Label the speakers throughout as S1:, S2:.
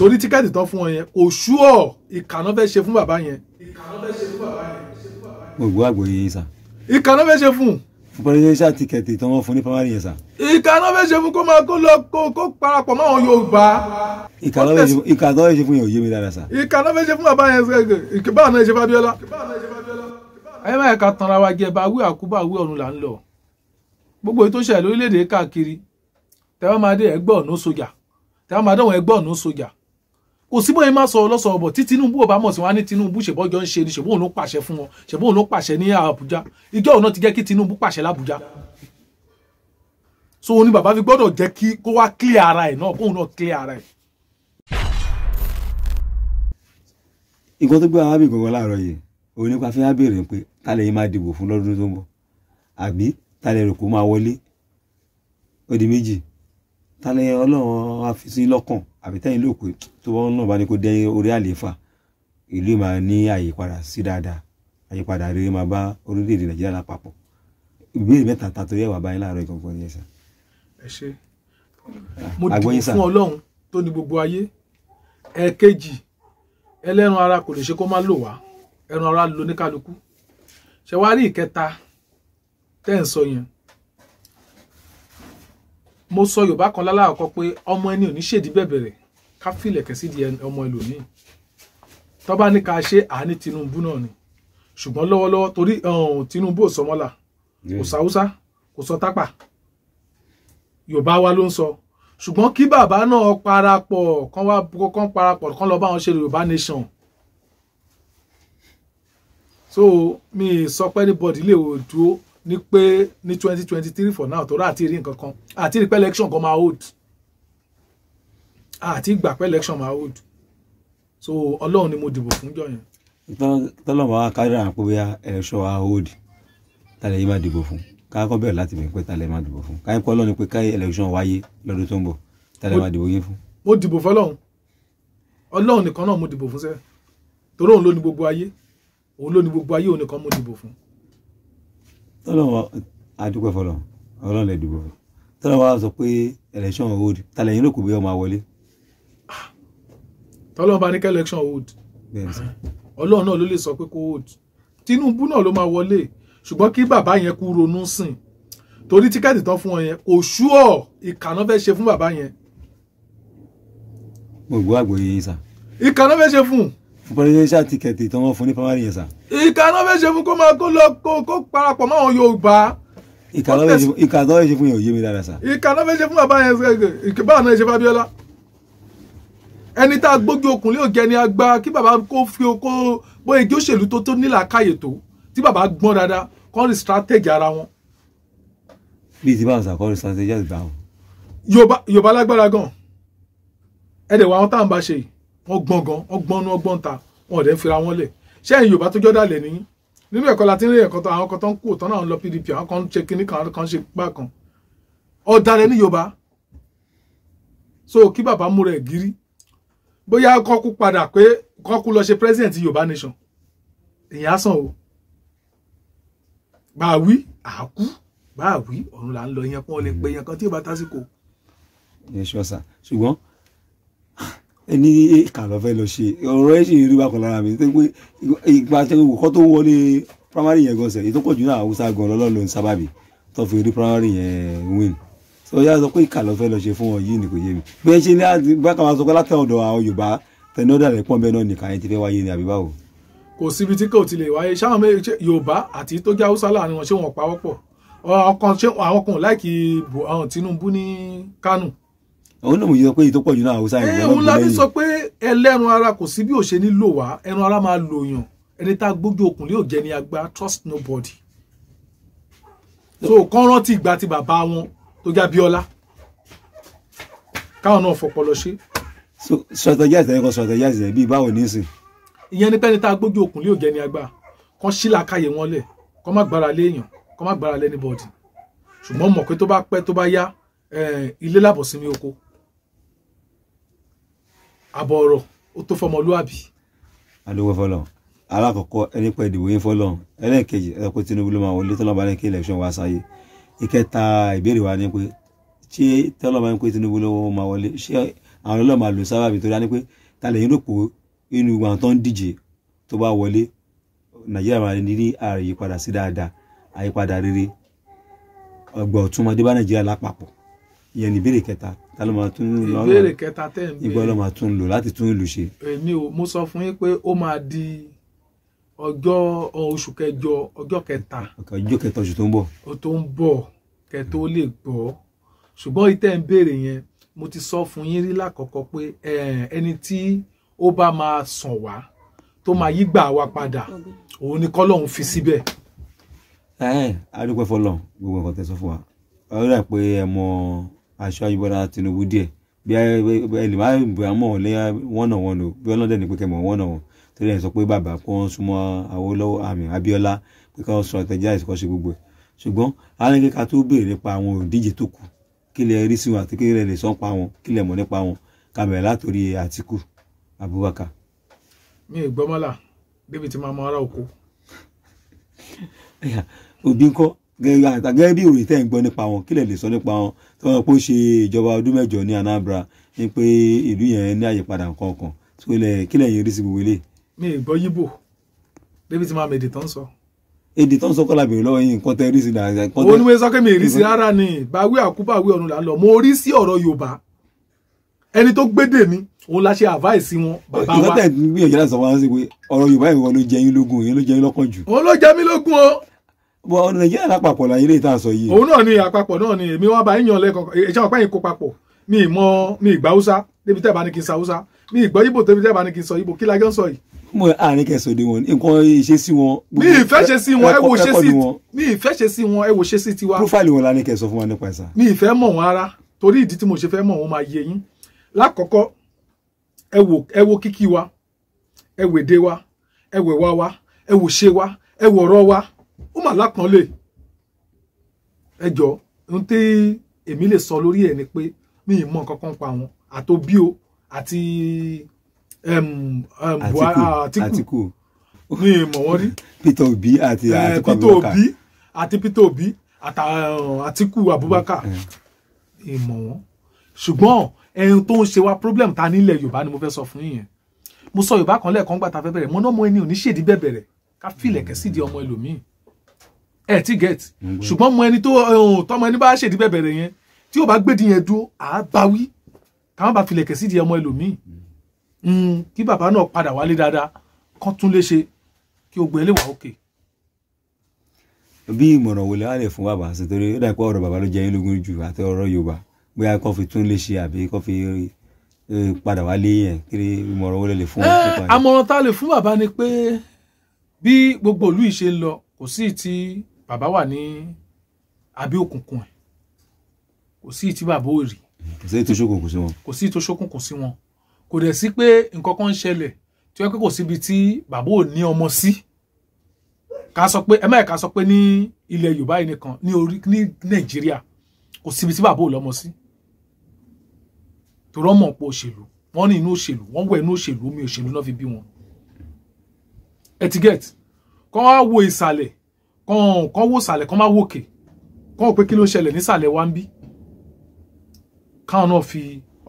S1: torí tíkẹ́ẹ̀tì tán fún ọ yẹn kò sú ọ ìkànnà fẹ́ ṣe fún bàbá yẹn.
S2: gbogbo àgbòye yìí sà. ìkànnà fẹ́ ṣe fún. fún pẹ́rẹ́sẹ́sà tíkẹ́ẹ̀tì tán wọ́n fún ní pàmárì yẹn sà.
S1: ìkànnà fẹ́ ṣe fún kó máa kó lọ kó parapọ̀ mọ́ àwọn Yorùbá.
S2: ìkànnà fẹ́ ṣe fún yẹn ò yé mi dára sà.
S1: ìkànnà fẹ́ ṣe fún bàbá yẹn ìkìbá àná ìṣe Fábíọ́lá. ayé máa ka tanra wa jẹ bá wí àkúbà wí ọ̀run là ń lọ gbogbo ètò ìṣẹ̀lẹ̀ lórílẹ̀‐èdè káàkiri tẹ́wọ́n máa dé ẹgbẹ́ ọ̀nà sójà tẹ́wọ́n máa dé àwọn kò sí bóyá má sọ ọlọ́sọ̀ ọ̀bọ̀ tí Tinubu ò bá mọ̀ sí wọn á ní Tinubu ṣèbọ́jọ́ ń ṣe ni ṣèbóhùn ló pàṣẹ fún wọn ṣèbóhùn ló pàṣẹ ní Àbújá ìjọ òun náà ti jẹ́ kí Tinubu pàṣẹ l'Àbújá so òun ni bàbá fi gbọ́dọ̀ jẹ́ kí kó wá clear ara ẹ̀ náà kóun náà clear ara ẹ̀.
S2: nǹkan tó gbé àwọn àbẹ̀gbọ̀n wọn láàárọ̀ yìí òun nípa fi hàn béèrè pé ta lè máa dìbò fún lọ́dún tó ń bọ̀ àbí ta lè rò kó máa wọlé àbí tẹ́yìn lò pé tó wọ́n náà bá ní kó dé orí àlééfà ìlú máa ní àyípadà sí dáadáa àyípadà rere máa bá orílẹ̀-èdè nàìjíríà lápapọ̀ ìbéèrè mẹ́ta ta torí ẹ̀wà báyìí láàárọ̀ ìkọ̀ọ̀kan ni ẹ
S1: ẹ ṣe mo dìbò fún ọlọ́run tó ní gbogbo ayé ẹ̀ẹ̀kejì ẹlẹ́ran ara kò lè ṣe kó má lò wá ẹran ara lò ní kálukú ṣe wá rí ìkẹta tẹ́ ń sọ yẹn mo sọ yorùbá kan lálàkọ pé ọmọ ẹni ò ní ṣèdí bẹ̀bẹ̀rẹ̀ ká fìlẹ̀kẹ̀ sí di ọmọ ẹlòmíì tó bá ní ká ṣe àní Tinubu náà ni ṣùgbọ́n lọ́wọ́lọ́wọ́ torí Tinubu ò sọmọ́là kò sáúsá kò sọ tápà yorùbá wa ló ń sọ ṣùgbọ́n kí bàbá náà parapọ̀ kán wá kán parapọ̀ kán lọ bá wọn ṣe yorùbá nation so mi sọ pé anybody lè dúró Ni pé ní twenty twenty three for now Tora àti rí nǹkan kan àti rí pé election kan máa hold àti gbà pé election máa hold so ọlọ́run ni mo dìbò fún jọyìn.
S2: tọ́lọ́ bá wa kárí àrùn pé bóyá election wa hold tálẹ̀ yìí máa dìbò fún káàkọ́ bẹ̀rẹ̀ láti bẹ̀rẹ̀ pé tálẹ̀ máa dìbò fún káyọ̀ pé ọlọ́run pé káyọ̀ election wáyé lọ́dún tó ń bọ̀ tálẹ̀ máa dìbò yín fún.
S1: mo dìbò fọlọ́run ọlọ́run nìkan náà mo dìbò fún sẹ́ẹ̀ torí òun ló ní gbogbo ayé òun ló ní gbogbo ayé òun nìkan mo dìbò fún
S2: tọ́lọ́wọ́ àdúgbò fọlọ́ ọlọ́run lè dìbò tọ́lọ́wọ́ sọ pé election hold talẹ̀ yín ló kò bí ọmọ àwọlé. Ah!
S1: tọ́lọ́wọ́ bá ní kẹ́ election hold ọlọ́run náà ló lè sọ pé kó hold Tinubu náà ló máa wọlé ṣùgbọ́n kí bàbá yẹn kú ronú sìn torí tíkẹ́ẹ̀tì tán fún ọ yẹn kò ṣúọ̀ ìkànnà fẹ́ ṣe fún bàbá yẹn.
S2: mo gbọ́ àgbòye yín sà. ìkànnà fẹ́ ṣe fún un presidential ticket tí wọ́n fún ní primary yẹn sà. ìkà náà fẹ́ ṣe fún kó máa kó lọ kó parapọ̀ mọ́ àwọn Yorùbá. ìkà náà fẹ́ ṣe fún yẹn ò yé mi dára sà.
S1: ìkà náà fẹ́ ṣe fún bàbá yẹn báwọn náà ṣe fún ẹni tá a gbógi okùn lé ògẹ́ ni kí bàbá kó fi okó bóyá kí òṣèlú tó tó nílà káyè tó tí bàbá gbọ́n dáadáa kọ́ strategy ara wọn.
S2: bí ti báwọn sà kọ́ strategy àti báwọn.
S1: Yorùbá lágbára gan-an ọgbọ́n gan ọgbọ́n nu ọgbọ́n ta wọn ò dẹ́ fira wọn lẹ̀ ṣé ẹ̀yin Yorùbá tó jọ́dá lẹ̀ nìyí nínú ẹ̀kọ́ la ti ń rí ẹ̀kọ́ tó àwọn kan tó ń kú òtán náà ń lọ PDP àwọn kan ń ṣe kinní kan kan ṣe gbá kan ọ̀daràn ní Yorùbá so kí bàbá mú rẹ̀ gírí bóyá kọ́kú padà pé kọ́kú lọ ṣe president Yorùbá nation ìyá sàn o bá a wí àákú bá a wí ọ̀run là ń lọ yẹn kán lè pe yẹn kan tí ò tásìkò.
S2: ṣùgbọ́n ẹni ìkà lọ fẹ́ lọ ṣe ọ̀rọ̀ ẹ̀ sì rí bákan lára mi pé ìgbà tẹ́wọ́ kọ́ tó wọlé primary yẹn gan sẹ̀ èyí tó pọ̀ jù náà Haúsá gan lọ́lọ́ ló ń sábàbí tó fi rí primary yẹn win sọ yá sọ pé ìkà lọ fẹ́ lọ ṣe fún wọn yìí ni kò yé mi bí ẹ ṣe ní bákan máa sọ pé látẹ̀ ọ̀dọ̀ àwọn Yorùbá tẹnudà rẹ̀ pọ̀ bẹ́ẹ̀ náà nìkan yẹn ti fẹ́ wáyé ni àbí báwo.
S1: kò síbi tí kò ti lè wáyé sáwọn Yorùbá àti tó jẹ́ Haúsá láàrin wọn ṣé wọn pawọ́pọ̀ àwọn kan láìkí Tinubu ní Kánò
S2: òun náà mo yọ pé ìtọ́pọ̀ jù náà haúsá ìlú ọlọ́gbìn lẹ́yìn. òun láti sọ
S1: pé ẹlẹ́ran ara kò sí bí ò ní lò wá ẹran ara máa lò yàn ẹni tá a gbójú okùn lé òjẹ́ ni agbá trust nobody. so kán rántí ìgbà tí bàbá wọn tó já bíọ́lá káwọn náà fọpọlọ ṣe.
S2: so strategize ẹ kọ strategize ẹ bíi báwo ní sìn.
S1: ìyẹn ni pẹ́ni tá a gbójú okùn lé òjẹ́ ni agbá kán sílàkàyè wọn lẹ̀ kán má gbára lé èèyàn kán má gbára lé anybody ṣùgbọ́n mọ̀ eh, ilé làbọ̀ sinmi oko àbọ̀ ọ̀rọ̀ ó tó fọmọlúàbí.
S2: adúgbò fọlọ alákọ̀ọ́kọ́ ẹni pẹ́ ìdìbò yín fọlọ ẹlẹ́ẹ̀kejì ẹ pé Tinubu ló máa wọlé tọ́lọ́ba lẹ́kẹ́ election wa sáyé ìkẹta ìbéèrè wa ni pé ṣé tọ́lọ́ba ń pé Tinubu ló máa wọlé ṣé àwọn ọlọ́ọ̀ máa lò sábàbí torí á ní pé ta lẹ́yìn rò pé inú àwọn tó ń díje tó bá wọlé Nàìjíríà máa ní ní àyípadà sí dáadáa àyípadà rere ọgbà ọ̀túnmọdé bá Nàìjíríà lápapọ̀ ìyẹn ta ló máa tún lò lọ́nà ìbéèrè
S1: kẹta tẹ́ ń béèrè ìgbọ́ ló
S2: máa tún lò láti tún ìlú ṣe.
S1: èmi ò mo sọ fún yín pé ó máa di ọjọ́ oṣù kẹjọ ọjọ́ kẹta ọjọ́ kẹta oṣù tó ń bọ̀. o tó ń bọ̀ kẹ tó lè gbọ́ ṣùgbọ́n ìtẹ́ ń béèrè yẹn mo ti sọ fún yín rí lákọ̀ọ́kọ́ pé ẹni tí ó bá máa sàn wá tó máa yí gbà wá padà òun ni kọ́lọ́hún fi síbẹ̀.
S2: ẹ ẹ adúpẹ́ fọlọ́ gbogbo nǹkan tẹ́ sọ fún wa ọ̀rẹ́ pé ẹ mọ aṣọ ayíbọ̀dà Tinubu díẹ̀ bí ẹlẹ́mà ìbúra mọ̀ lẹ́yà wọ́nà wọn lò bí ọlọ́dẹ ní pẹ́kẹ́ mọ̀ wọ́nà wọn torí ẹ̀ sọ pé bàbá kó ń súnmọ́ Awólọ́wọ̀ àmì Abíọ́lá pé káwọn sọ àtẹ̀jáde kọ́ ṣe gbogbo ẹ̀ ṣùgbọ́n aláǹkẹ́ka tó béèrè nípa àwọn òǹdíje tó kù kí lè rí sí àti kí lè lè sọ́n pa wọn kí lè mọ̀ nípa wọn kàbẹ̀rẹ̀ látòrí Àtíkù Abubakar.
S1: mi ò gbọ́mọ́là débi tí màá mọ ará oko
S2: gẹ́gẹ́ bí òye tẹ́ ń gbọ́ nípa wọn kílẹ̀ lè sọ nípa wọn tí wọ́n pọ̀ ṣe ìjọba ọdún mẹ́jọ ní Anambra ní pé ìlú yẹn ní àyípadà nǹkan kan kílẹ̀ yẹn rí sí gbogbo ilé.
S1: mi ì gbọ́ yíbò débi tí màá mi èdè tán
S2: sọ. èdè tán sọ kọ́lá bèrè lọ́wọ́ yín nǹkan tẹ́ rí sí dáadáa. òun ni mo sọ pé mi ì rí sí rárá ni báwí
S1: àkúbáwí ọ̀run là ń lọ mo rí sí ọ̀rọ̀ Yorùbá ẹni tó gbédè mi òun la ṣe àváìsí wọn bàbá wa. ìgbà tẹ̀
S2: gbìyànjú láti sọ fún wa sí pé ọ̀rọ̀ Yorùbá ìwọ ló jẹ yín lógún yín ló jẹ yín lọ́kàn
S1: òun ló jẹ mí lógún o
S2: bọ nàìjíríà lápapọ̀ láyé lè tà sọ yìí. òun
S1: náà ni àpapọ̀ náà ni èmi wá bá yíyan lẹ́kọ̀ọ́ ìjà ọ̀pẹ́ yìí kó papọ̀ mi ìmọ̀ mi ìgbà haúsá débi tẹ́ bá ní kí n sa haúsá mi ìgbọ́ ibo débi tẹ́ bá ní kí n sọ ibo kí la jọ ń sọ yìí. mo àárín kẹsàn-án ni wọn nǹkan ìṣe sí wọn. mi ìfẹ́ ṣe sí wọn ẹ wo ṣe sí mi ìfẹ́ ṣe sí wọn ẹ wo ṣe sí tiwa. prófáìlì wọn la ní fún wa mi ìfẹ́ mọ̀ wọn ara torí ìdí tí mo ṣe fẹ́ mọ̀ wọn máa yé yín lákọ̀ọ́kọ́ ẹ wo ẹ wo kíkí wa ẹ wa ó mà lápọ́nlé ẹjọ́ ohun tí èmi lè sọ lórí ẹ̀ ni pé mi ì mọ nǹkan kan pa wọn àtòbí o àti Àtíkù ah, mi ì mọ̀ wọ́n rí Peter
S2: Obi àti eh, Àtíkù Abubakar
S1: àti Peter Obi àti eh, Àtíkù Abubakar eh. mi ì mọ̀ wọ́n ṣùgbọ́n ẹni tó ń ṣe wá problem ta nílẹ̀ Yorùbá ni mo fẹ́ sọ fún yìnyẹn mo sọ Yorùbá kan lẹ́ẹ̀kan gbà tá a fẹ́ bẹ̀rẹ̀ mo náà mọ ẹni ò ní ṣèdí bẹ̀bẹ̀rẹ̀ ká fìlẹ̀kẹ̀ sídìí ọmọ ẹlòmíì ẹ ti get ṣùgbọ́n mo ẹni tó tọmọ ẹni bá ṣèdí bẹ̀bẹ̀rẹ̀ yẹn tí ò bá gbèdì yẹn dúró àá bá wí káwọn bá filẹ̀kẹ̀ sídìí ọmọ ẹlòmíì hmm, kí bàbá náà padà wálé dáadáa kán tún lè ṣe kí o gbẹ léwà òkè.
S2: bí ìmọ̀ràn wo lè wá lè fún bàbá sí torí ó dàpọ̀ ọ̀rọ̀ bàbá ló jẹ́ yín lógún jù àti ọ̀rọ̀ Yorùbá bóyá kó fi tún lè ṣe àbí kó fi padà wálé yẹn kí ìmọ̀ràn wo lè fún eh,
S1: àmọ̀ràn tá a lè fún bàbá ni pé bí gbogbo ìlú yìí ṣe lọ kò sí ti bàbá wà ní abẹ́ òkùnkùn ẹ̀ kò sí ìtí bàbá ò rí.
S2: kò sí ìtò ṣókùnkùn sí wọn.
S1: kò sí ìtò ṣókùnkùn sí wọn kò dẹ̀ sí pé nǹkan kan ń ṣẹlẹ̀ tí wọ́n pé kò síbi tí bàbá ò ní ọmọ sí ká sọ pé ẹ má ká sọ pé ní ilẹ̀ Yorùbá yìí nìkan ní orí ní Nàìjíríà kò síbi tí bàbá ò lọ́mọ sí torí ọmọ ọ̀pọ̀ òṣèlú wọ́n ní inú òṣèlú wọ́n wọ inú òṣèlú omi òṣèlú náà fi bí wọn etiquette kọ́ wá wo ìsàlẹ̀ kan kan wò sàlẹ̀ kan má wòkè kan ò pé kí ló ṣẹlẹ̀ nísàlẹ̀ wa ń bí káwọn náà fi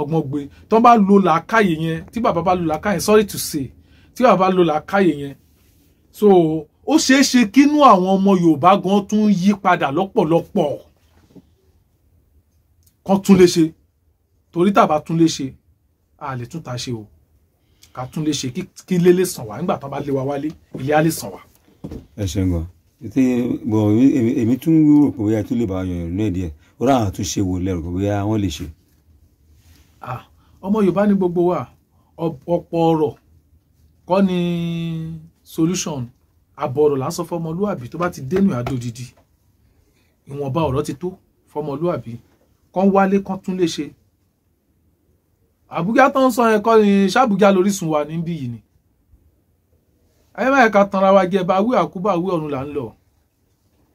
S1: ọgbọ́n gbé tó bá lo làákàyè yẹn tí bàbá bá lo làákàyè sorry to say tí bàbá bá la làákàyè yẹn so ó ṣeé ṣe kínú àwọn ọmọ Yorùbá gan tún yí padà lọ́pọ̀lọpọ̀ kan tún lè ṣe torí tàbá tún lè ṣe a lè tún ta ṣe o ká tún lè ṣe kí ilé lè sàn wá nígbà tó bá lé wa wálé ilé á lè sàn wá.
S2: ẹ ṣeun gan tí bọ̀ èmi tún rò pé bóyá tún lè bá yọ̀yàn náà díẹ̀ ó rà àtúnṣe wò lẹ́rù pé bóyá wọ́n lè ṣe. ọmọ Yorùbá ní gbogbo wa
S1: ọ̀pọ̀ ọ̀rọ̀ kọ́ ni solution àbọ̀rọ̀ lásán fọmọlúàbí tó bá ti dénú àdó didi ìwọ̀nba ọ̀rọ̀ ti tó fọmọlúàbí kán wálé kán tún lè ṣe àbújá tó ń sọ ẹ̀kọ́ ni ṣàbújá lórísun wa níbí yìí ni ayé báyìí ká tanra wa jẹ bá wí àkúbà wí ọ̀run là ń lọ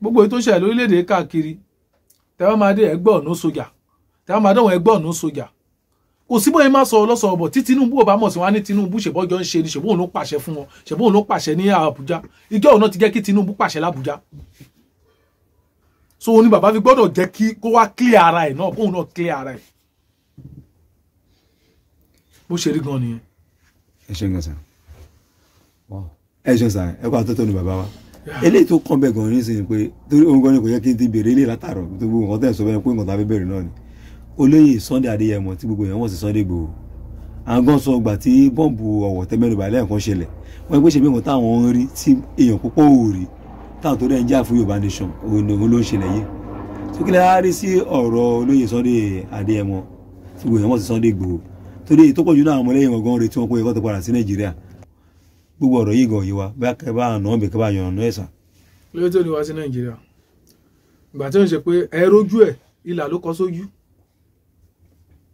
S1: gbogbo ètò ìṣẹ̀lẹ̀ lórílẹ̀‐èdè káàkiri tẹ́wọ́n máa dé ẹgbẹ́ ọ̀nà sójà tẹ́wọ́n máa dọ̀wọ́ ẹgbẹ́ ọ̀nà sójà kò sí bóyá máa sọ ọlọ́sọ̀rọ̀ bọ̀ tí Tinubu ò bá mọ̀ sí wọn á ní Tinubu ṣèbọ́jọ́ ń ṣe ni ṣèbóun ló pàṣẹ fún wọn ṣèbóun ló pàṣẹ ní Àbújá ìjọ ọ̀nà ti jẹ́ kí Tinubu pàṣẹ l'Àbújá so ni bàbá fi gbọ́dọ̀ jẹ́ kí kó wá clear ara ẹ̀ náà kóun náà clear ara ẹ̀ bó ṣe rí gan nìyẹn.
S2: ẹ ṣe ń gbọ́n wow ẹ ṣe sàn ẹ kó àtọ́tọ́ ni bàbá wa eléyìí tó kàn bẹ́ẹ̀ gan nísìnyí pé torí òun gan ni kò yẹ kí n ti béèrè eléyìí látàrọ̀ gbogbo nǹkan tẹ̀ sọ bẹ́ẹ̀ pé nǹkan tàbí bẹ̀rẹ̀ náà ni olóyè Sunday Adéyẹmọ tí gbogbo èèyàn wọ́n sì Sunday Igboho àgàn sọ gbà tí bọ́ǹbù ọ̀wọ̀ tẹ́mẹ́nuba lẹ́ẹ̀kan ṣẹlẹ̀ wọ́n pèsè bí nǹkan táwọn ń rí tí èèyàn púpọ̀ ò rí táwọn tó dẹ̀ ń jà fún Yorùbá nation òun ló ń ṣẹlẹ̀ yìí sókèlè á rí sí ọ̀rọ̀ olóyè Sunday Adéyẹmọ tí gbogbo èèyàn wọ́n sì Sunday Igboho torí tó pọ̀ jù náà àwọn ọmọlẹ́yìn ọ̀gán retí wọn pé ẹ̀kọ́ tó padà sí Nàìjíríà gbogbo ọ̀rọ̀ yìí gan yìí wa bá àná ọ̀bẹ kẹ bá ọ̀nà ẹ̀sà.
S1: tó ní wá sí nàìjíríà ìgbà tí ṣe pé ẹ ìlà ló kọ sójú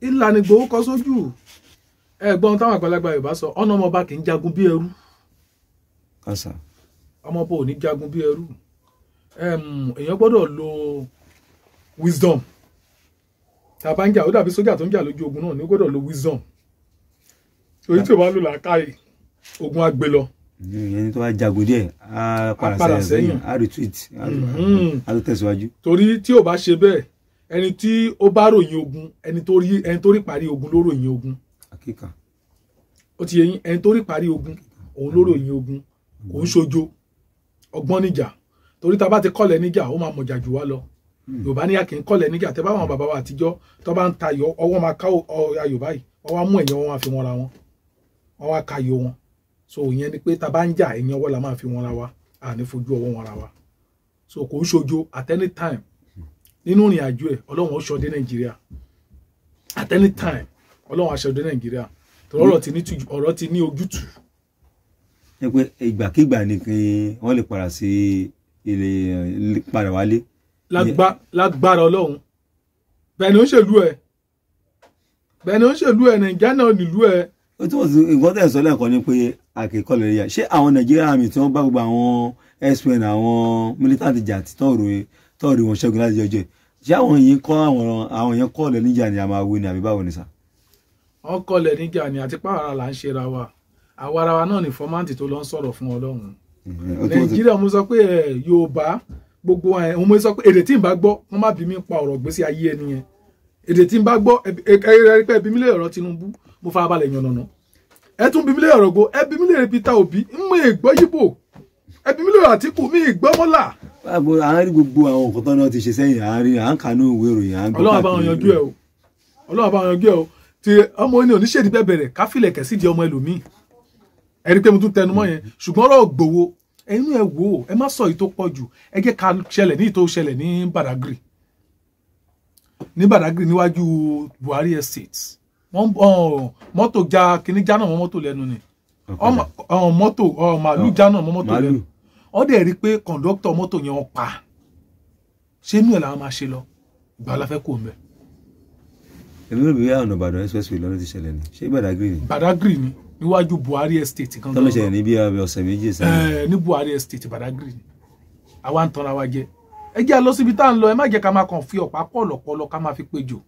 S1: ìlà ni gbowó kọ sójú ẹ gbọ́n táwọn àgbàlagbà yorùbá sọ ọ̀nà ọmọọba kì í jagun bí ẹrú ọmọọba ò ní jagun bí ẹrú èèyàn lo wisdom tàbá ó dàbí sójà tó ń jà lójú ogun náà ni ó gbọ́dọ̀ lo wisdom torí tí bá lò
S2: ogun á gbé lọ. ẹni tó bá jagun díẹ̀ a padà sẹ́yìn á retreat á tó mm-hmm. tẹ̀síwájú. torí tí ò bá ṣe bẹ́ẹ̀ ẹni
S1: tí ó bá ròyìn ogun ẹni tó rí ẹni tó rí parí ogun ló ròyìn ogun. àkíkà. ó ti yẹ yín ẹni tó rí parí ogun òun ló mm-hmm. ròyìn ogun òun ṣojo ọgbọ́n níjà torí ta bá ti kọ́lẹ̀ níjà ó máa mọ̀jà jù wá lọ mm. yorùbá ní akin kọ́lẹ̀ níjà tẹ́ bá wọn bàbá wa àtijọ́ tó bá ń ta ọwọ́ máa ká ọya yorùbá yìí wọ́n wá mú ẹ̀yìn wọn wá fi wọn ra wọn wọ́n wá ka yo wọn so ìyẹn ni pé ta bá ń jà ẹ̀yìn ọwọ́ la máa fi wọn ra wa àní fojú ọwọ́ wọn ra wa so kò ń ṣojo at any time nínú ìrìn àjò ẹ̀ ọlọ́run ó ṣọdẹ nàìjíríà at any time ọlọ́run á ṣọdẹ nàìjíríà tọ́rọ
S2: ọ̀rọ̀ ti ní ojútùú. ẹ pé ìgbàkigbà nìkan wọn lè padà sí ilé padà wálé. lágbára ọlọ́run bẹ́ẹ̀ ni ó ń ṣèlú ẹ̀ bẹ́ẹ̀ ni ó ń ṣèlú ẹ̀ nàìjíríà náà nílùú ẹ̀. ó túmọ̀ sí nǹkan sọ lẹ́ẹ̀kan ni pé àkẹ́kọ̀ọ́ lẹ́yà ṣé àwọn Nàìjíríà àmì tí wọ́n bá gbogbo àwọn xmen àwọn militant jà tí tọ́ọ̀rù tọ́ọ̀rù wọn ṣẹ́gun láti jọjọ́ ṣé àwọn yìí kọ́ àwọn àwọn yẹn kọ́ ọ̀lẹ́ níjà ni a máa wí ni àbí báwo ni sà.
S1: wọn kọ́ ọ̀lẹ́ níjà ni àti pàwọ́ra là ń ṣe ra wa àwa ara wa náà ni fọ́máǹtì tó lọ ń sọ̀rọ̀ fún Ọlọ́run Nàìjíríà mo sọ pé Yorùbá gbogbo ẹ mo sọ pé èdè tí n bá gbọ́ wọn má bí mi pa ọ̀rọ̀ gbèsè ayé ẹni yẹn èdè tí n bá gbọ́ ẹ ẹ ẹ ẹ bí mi lè ọ̀rọ̀ Tinubu mo fara balẹ̀ yànnàná ẹ tún bí mi lè go ẹ bí mi lè Peter Obi ń mú ìgbọ́ yíbò ẹ bí mi lè Àtìkù
S2: mi ìgbọ́ mọ́là. báwo à ń rí gbogbo àwọn nǹkan tó náà ti ṣe sẹ́yìn à ń rí à ń kà ní òwe ìròyìn à ń gbọ́ káàkiri. ọlọ́wọ́ bá wọn yanjú ẹ o ọlọ́wọ́ bá wọn yanjú ẹ o ti ọmọ ní oníṣèdí bẹ́ẹ̀ bẹ̀rẹ̀ káfílẹ̀ kẹ̀sí di
S1: ọmọ ẹlòmíì ẹ rí pé mo tún tẹnu mọ́ yẹn ṣùgbọ́n ọ̀rọ̀ gbòwo ẹnu ẹ wò ẹ má sọ èyí pọ̀ jù ẹ jẹ́ ká ṣẹlẹ̀ ní ìtò ṣẹlẹ̀ ní Badagry ní Badagry níwájú Buhari Estate wọ́n mọ́tò já kínní já náà mọ́ mọ́tò lẹ́nu ni mọ́tò màálù já náà mọ́ mọ́tò lẹ́nu wọ́n dẹ̀ rí i pé kọ̀ǹdọ́tọ̀ mọ́tò yẹn wọ́n pa ṣé inú ẹ̀ làwọn máa ṣe lọ ìgbà la fẹ́ kó mbẹ́.
S2: èmi ló bí wíyá ọ̀nà ìbàdàn expressway lọ́dún ti ṣẹlẹ̀ ni ṣé Badagry ni.
S1: Badagry ni níwájú Buhari estate kan.
S2: tọ́lọ̀ ṣẹlẹ̀ ní uh, bí ọ̀sẹ̀ méjì sẹ́yìn. ní
S1: Buhari estate Badagry ni àwa ń tanra wa jẹ ẹ jẹ́ lọ síbi tá à ń lọ ẹ má jẹ́ ká
S2: máa